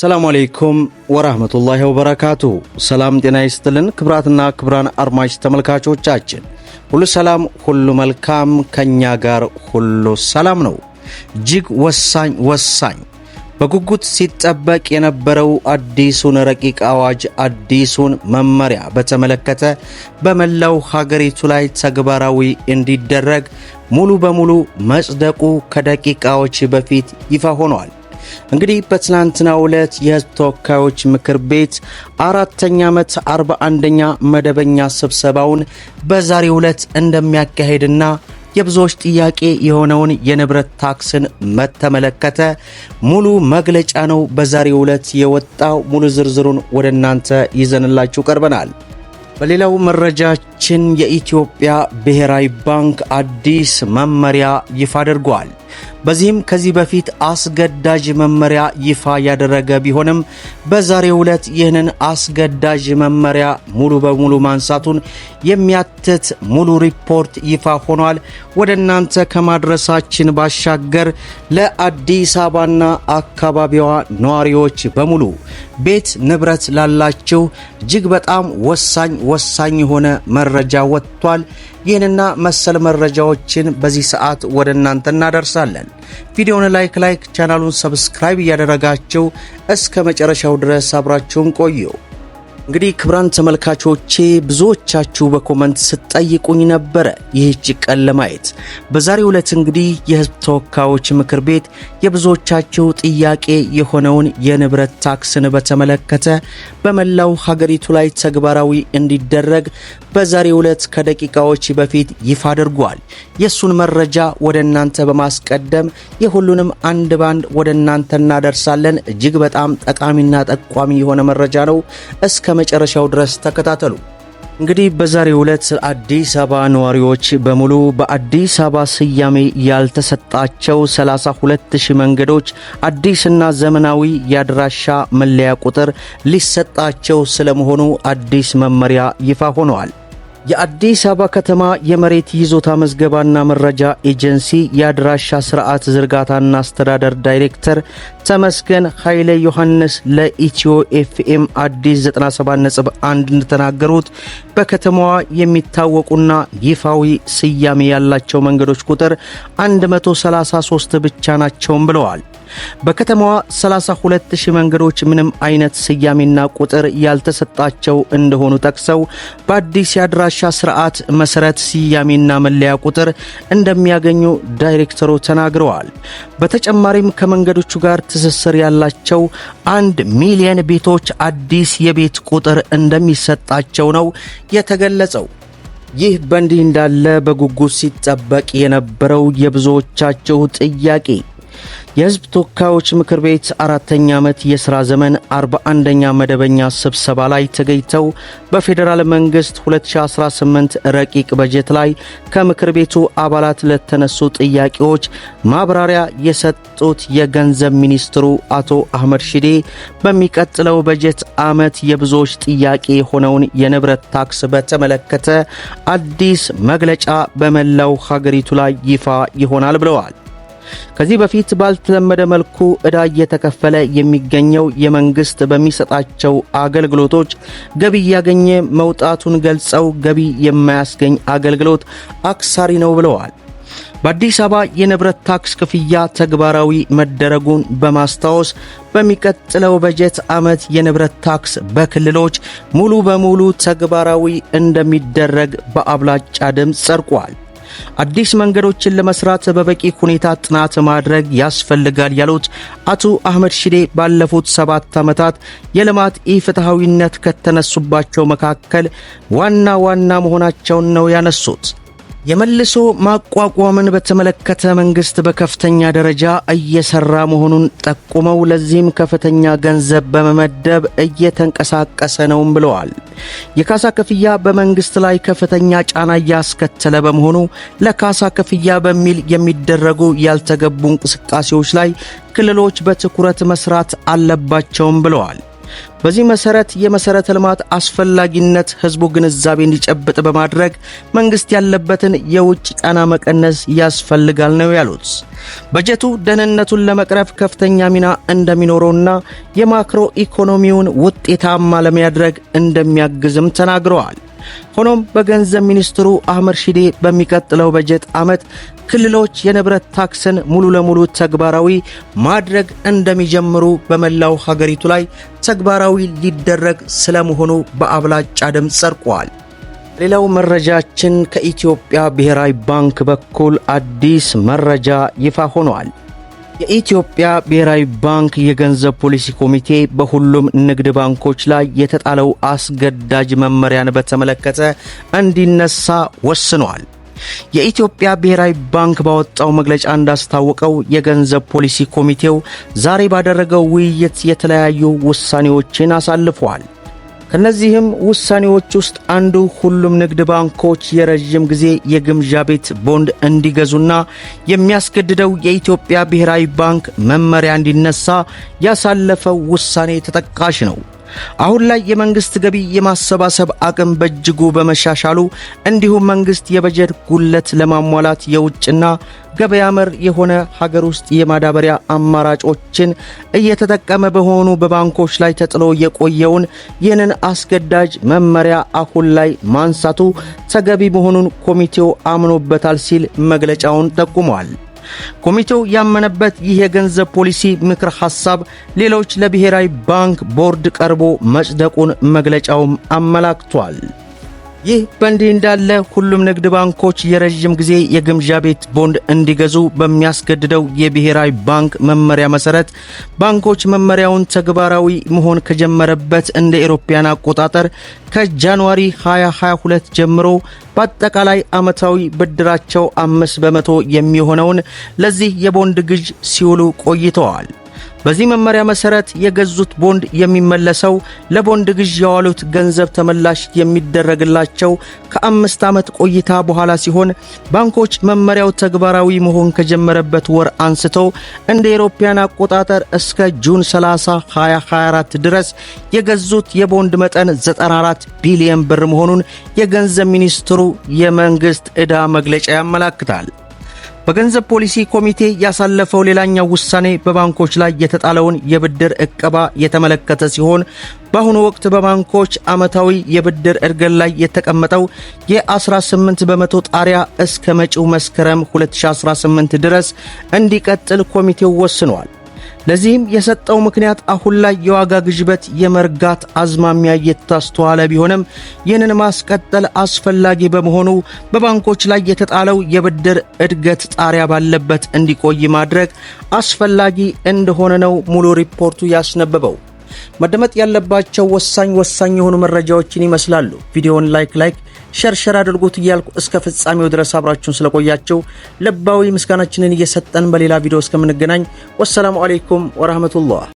ሰላም አለይኩም ወራህመቱላሂ ወበረካቱ። ሰላም ጤና ይስጥልን። ክብራትና ክብራን አድማጭ ተመልካቾቻችን ሁሉ ሰላም፣ ሁሉ መልካም፣ ከኛ ጋር ሁሉ ሰላም ነው። እጅግ ወሳኝ ወሳኝ በጉጉት ሲጠበቅ የነበረው አዲሱን ረቂቅ አዋጅ አዲሱን መመሪያ በተመለከተ በመላው ሀገሪቱ ላይ ተግባራዊ እንዲደረግ ሙሉ በሙሉ መጽደቁ ከደቂቃዎች በፊት ይፋ ሆኗል። እንግዲህ በትናንትናው ዕለት የህዝብ ተወካዮች ምክር ቤት አራተኛ ዓመት 41ኛ መደበኛ ስብሰባውን በዛሬው ዕለት እንደሚያካሄድና የብዙዎች ጥያቄ የሆነውን የንብረት ታክስን በተመለከተ ሙሉ መግለጫ ነው በዛሬው ዕለት የወጣው። ሙሉ ዝርዝሩን ወደ እናንተ ይዘንላችሁ ቀርበናል። በሌላው መረጃችን የኢትዮጵያ ብሔራዊ ባንክ አዲስ መመሪያ ይፋ አድርጓል። በዚህም ከዚህ በፊት አስገዳጅ መመሪያ ይፋ ያደረገ ቢሆንም በዛሬው ዕለት ይህንን አስገዳጅ መመሪያ ሙሉ በሙሉ ማንሳቱን የሚያትት ሙሉ ሪፖርት ይፋ ሆኗል። ወደ እናንተ ከማድረሳችን ባሻገር ለአዲስ አበባና አካባቢዋ ነዋሪዎች በሙሉ ቤት ንብረት ላላችሁ እጅግ በጣም ወሳኝ ወሳኝ የሆነ መረጃ ወጥቷል። ይህንና መሰል መረጃዎችን በዚህ ሰዓት ወደ እናንተ እናደርሳለን። ቪዲዮውን ላይክ ላይክ ቻናሉን ሰብስክራይብ እያደረጋችሁ እስከ መጨረሻው ድረስ አብራችሁን ቆየው። እንግዲህ ክብራን ተመልካቾቼ ብዙዎቻችሁ በኮመንት ስትጠይቁኝ ነበረ ይህች ቀን ለማየት። በዛሬ ዕለት እንግዲህ የህዝብ ተወካዮች ምክር ቤት የብዙዎቻችሁ ጥያቄ የሆነውን የንብረት ታክስን በተመለከተ በመላው ሀገሪቱ ላይ ተግባራዊ እንዲደረግ በዛሬ ዕለት ከደቂቃዎች በፊት ይፋ አድርጓል። የእሱን መረጃ ወደ እናንተ በማስቀደም የሁሉንም አንድ ባንድ ወደ እናንተ እናደርሳለን። እጅግ በጣም ጠቃሚና ጠቋሚ የሆነ መረጃ ነው እስከ መጨረሻው ድረስ ተከታተሉ። እንግዲህ በዛሬው ዕለት አዲስ አበባ ነዋሪዎች በሙሉ በአዲስ አበባ ስያሜ ያልተሰጣቸው 32000 መንገዶች አዲስና ዘመናዊ የአድራሻ መለያ ቁጥር ሊሰጣቸው ስለመሆኑ አዲስ መመሪያ ይፋ ሆነዋል። የአዲስ አበባ ከተማ የመሬት ይዞታ መዝገባና መረጃ ኤጀንሲ የአድራሻ ስርዓት ዝርጋታና አስተዳደር ዳይሬክተር ተመስገን ኃይለ ዮሐንስ ለኢትዮ ኤፍኤም አዲስ 97.1 እንደተናገሩት በከተማዋ የሚታወቁና ይፋዊ ስያሜ ያላቸው መንገዶች ቁጥር 133 ብቻ ናቸውም ብለዋል። በከተማዋ 32000 መንገዶች ምንም አይነት ስያሜና ቁጥር ያልተሰጣቸው እንደሆኑ ጠቅሰው በአዲስ የአድራሻ ስርዓት መሰረት ስያሜና መለያ ቁጥር እንደሚያገኙ ዳይሬክተሩ ተናግረዋል። በተጨማሪም ከመንገዶቹ ጋር ትስስር ያላቸው አንድ ሚሊየን ቤቶች አዲስ የቤት ቁጥር እንደሚሰጣቸው ነው የተገለጸው። ይህ በእንዲህ እንዳለ በጉጉት ሲጠበቅ የነበረው የብዙዎቻቸው ጥያቄ የህዝብ ተወካዮች ምክር ቤት አራተኛ ዓመት የሥራ ዘመን 41ኛ መደበኛ ስብሰባ ላይ ተገኝተው በፌዴራል መንግሥት 2018 ረቂቅ በጀት ላይ ከምክር ቤቱ አባላት ለተነሱ ጥያቄዎች ማብራሪያ የሰጡት የገንዘብ ሚኒስትሩ አቶ አህመድ ሺዴ በሚቀጥለው በጀት ዓመት የብዙዎች ጥያቄ የሆነውን የንብረት ታክስ በተመለከተ አዲስ መግለጫ በመላው ሀገሪቱ ላይ ይፋ ይሆናል ብለዋል። ከዚህ በፊት ባልተለመደ መልኩ ዕዳ እየተከፈለ የሚገኘው የመንግስት በሚሰጣቸው አገልግሎቶች ገቢ እያገኘ መውጣቱን ገልጸው ገቢ የማያስገኝ አገልግሎት አክሳሪ ነው ብለዋል። በአዲስ አበባ የንብረት ታክስ ክፍያ ተግባራዊ መደረጉን በማስታወስ በሚቀጥለው በጀት ዓመት የንብረት ታክስ በክልሎች ሙሉ በሙሉ ተግባራዊ እንደሚደረግ በአብላጫ ድምፅ ጸድቋል። አዲስ መንገዶችን ለመስራት በበቂ ሁኔታ ጥናት ማድረግ ያስፈልጋል ያሉት አቶ አህመድ ሽዴ ባለፉት ሰባት ዓመታት የልማት ኢፍትሐዊነት ከተነሱባቸው መካከል ዋና ዋና መሆናቸውን ነው ያነሱት። የመልሶ ማቋቋምን በተመለከተ መንግስት በከፍተኛ ደረጃ እየሰራ መሆኑን ጠቁመው ለዚህም ከፍተኛ ገንዘብ በመመደብ እየተንቀሳቀሰ ነውም ብለዋል። የካሳ ክፍያ በመንግስት ላይ ከፍተኛ ጫና እያስከተለ በመሆኑ ለካሳ ክፍያ በሚል የሚደረጉ ያልተገቡ እንቅስቃሴዎች ላይ ክልሎች በትኩረት መስራት አለባቸውም ብለዋል። በዚህ መሰረት የመሰረተ ልማት አስፈላጊነት ህዝቡ ግንዛቤ እንዲጨብጥ በማድረግ መንግስት ያለበትን የውጭ ጫና መቀነስ ያስፈልጋል ነው ያሉት። በጀቱ ደህንነቱን ለመቅረፍ ከፍተኛ ሚና እንደሚኖረውና የማክሮ ኢኮኖሚውን ውጤታማ ለማድረግ እንደሚያግዝም ተናግረዋል። ሆኖም በገንዘብ ሚኒስትሩ አህመድ ሺዴ በሚቀጥለው በጀት ዓመት ክልሎች የንብረት ታክስን ሙሉ ለሙሉ ተግባራዊ ማድረግ እንደሚጀምሩ በመላው ሀገሪቱ ላይ ተግባራዊ ተግባራዊ ሊደረግ ስለመሆኑ በአብላጫ ድምፅ ጸድቋል። ሌላው መረጃችን ከኢትዮጵያ ብሔራዊ ባንክ በኩል አዲስ መረጃ ይፋ ሆኗል። የኢትዮጵያ ብሔራዊ ባንክ የገንዘብ ፖሊሲ ኮሚቴ በሁሉም ንግድ ባንኮች ላይ የተጣለው አስገዳጅ መመሪያን በተመለከተ እንዲነሳ ወስኗል። የኢትዮጵያ ብሔራዊ ባንክ ባወጣው መግለጫ እንዳስታወቀው የገንዘብ ፖሊሲ ኮሚቴው ዛሬ ባደረገው ውይይት የተለያዩ ውሳኔዎችን አሳልፈዋል። ከነዚህም ውሳኔዎች ውስጥ አንዱ ሁሉም ንግድ ባንኮች የረዥም ጊዜ የግምዣ ቤት ቦንድ እንዲገዙና የሚያስገድደው የኢትዮጵያ ብሔራዊ ባንክ መመሪያ እንዲነሳ ያሳለፈው ውሳኔ ተጠቃሽ ነው። አሁን ላይ የመንግስት ገቢ የማሰባሰብ አቅም በእጅጉ በመሻሻሉ እንዲሁም መንግስት የበጀት ጉለት ለማሟላት የውጭና ገበያ መር የሆነ ሀገር ውስጥ የማዳበሪያ አማራጮችን እየተጠቀመ በሆኑ በባንኮች ላይ ተጥሎ የቆየውን ይህንን አስገዳጅ መመሪያ አሁን ላይ ማንሳቱ ተገቢ መሆኑን ኮሚቴው አምኖበታል ሲል መግለጫውን ጠቁመዋል። ኮሚቴው ያመነበት ይህ የገንዘብ ፖሊሲ ምክር ሐሳብ ሌሎች ለብሔራዊ ባንክ ቦርድ ቀርቦ መጽደቁን መግለጫውም አመላክቷል። ይህ በእንዲህ እንዳለ ሁሉም ንግድ ባንኮች የረዥም ጊዜ የግምዣ ቤት ቦንድ እንዲገዙ በሚያስገድደው የብሔራዊ ባንክ መመሪያ መሰረት ባንኮች መመሪያውን ተግባራዊ መሆን ከጀመረበት እንደ ኤሮፓያን አቆጣጠር ከጃንዋሪ 2022 ጀምሮ በአጠቃላይ ዓመታዊ ብድራቸው አምስት በመቶ የሚሆነውን ለዚህ የቦንድ ግዥ ሲውሉ ቆይተዋል። በዚህ መመሪያ መሰረት የገዙት ቦንድ የሚመለሰው ለቦንድ ግዥ ያዋሉት ገንዘብ ተመላሽ የሚደረግላቸው ከአምስት ዓመት ቆይታ በኋላ ሲሆን ባንኮች መመሪያው ተግባራዊ መሆን ከጀመረበት ወር አንስተው እንደ አውሮፓውያን አቆጣጠር እስከ ጁን 30 2024 ድረስ የገዙት የቦንድ መጠን 94 ቢሊዮን ብር መሆኑን የገንዘብ ሚኒስትሩ የመንግሥት ዕዳ መግለጫ ያመላክታል። በገንዘብ ፖሊሲ ኮሚቴ ያሳለፈው ሌላኛው ውሳኔ በባንኮች ላይ የተጣለውን የብድር ዕቀባ የተመለከተ ሲሆን በአሁኑ ወቅት በባንኮች ዓመታዊ የብድር እርገን ላይ የተቀመጠው የ18 በመቶ ጣሪያ እስከ መጪው መስከረም 2018 ድረስ እንዲቀጥል ኮሚቴው ወስኗል። ለዚህም የሰጠው ምክንያት አሁን ላይ የዋጋ ግሽበት የመርጋት አዝማሚያ እየታስተዋለ ቢሆንም ይህንን ማስቀጠል አስፈላጊ በመሆኑ በባንኮች ላይ የተጣለው የብድር እድገት ጣሪያ ባለበት እንዲቆይ ማድረግ አስፈላጊ እንደሆነ ነው ሙሉ ሪፖርቱ ያስነበበው። መደመጥ ያለባቸው ወሳኝ ወሳኝ የሆኑ መረጃዎችን ይመስላሉ። ቪዲዮውን ላይክ ላይክ ሸርሸር አድርጉት እያልኩ እስከ ፍጻሜው ድረስ አብራችሁን ስለቆያቸው ልባዊ ምስጋናችንን እየሰጠን በሌላ ቪዲዮ እስከምንገናኝ ወሰላሙ አሌይኩም ወረህመቱላህ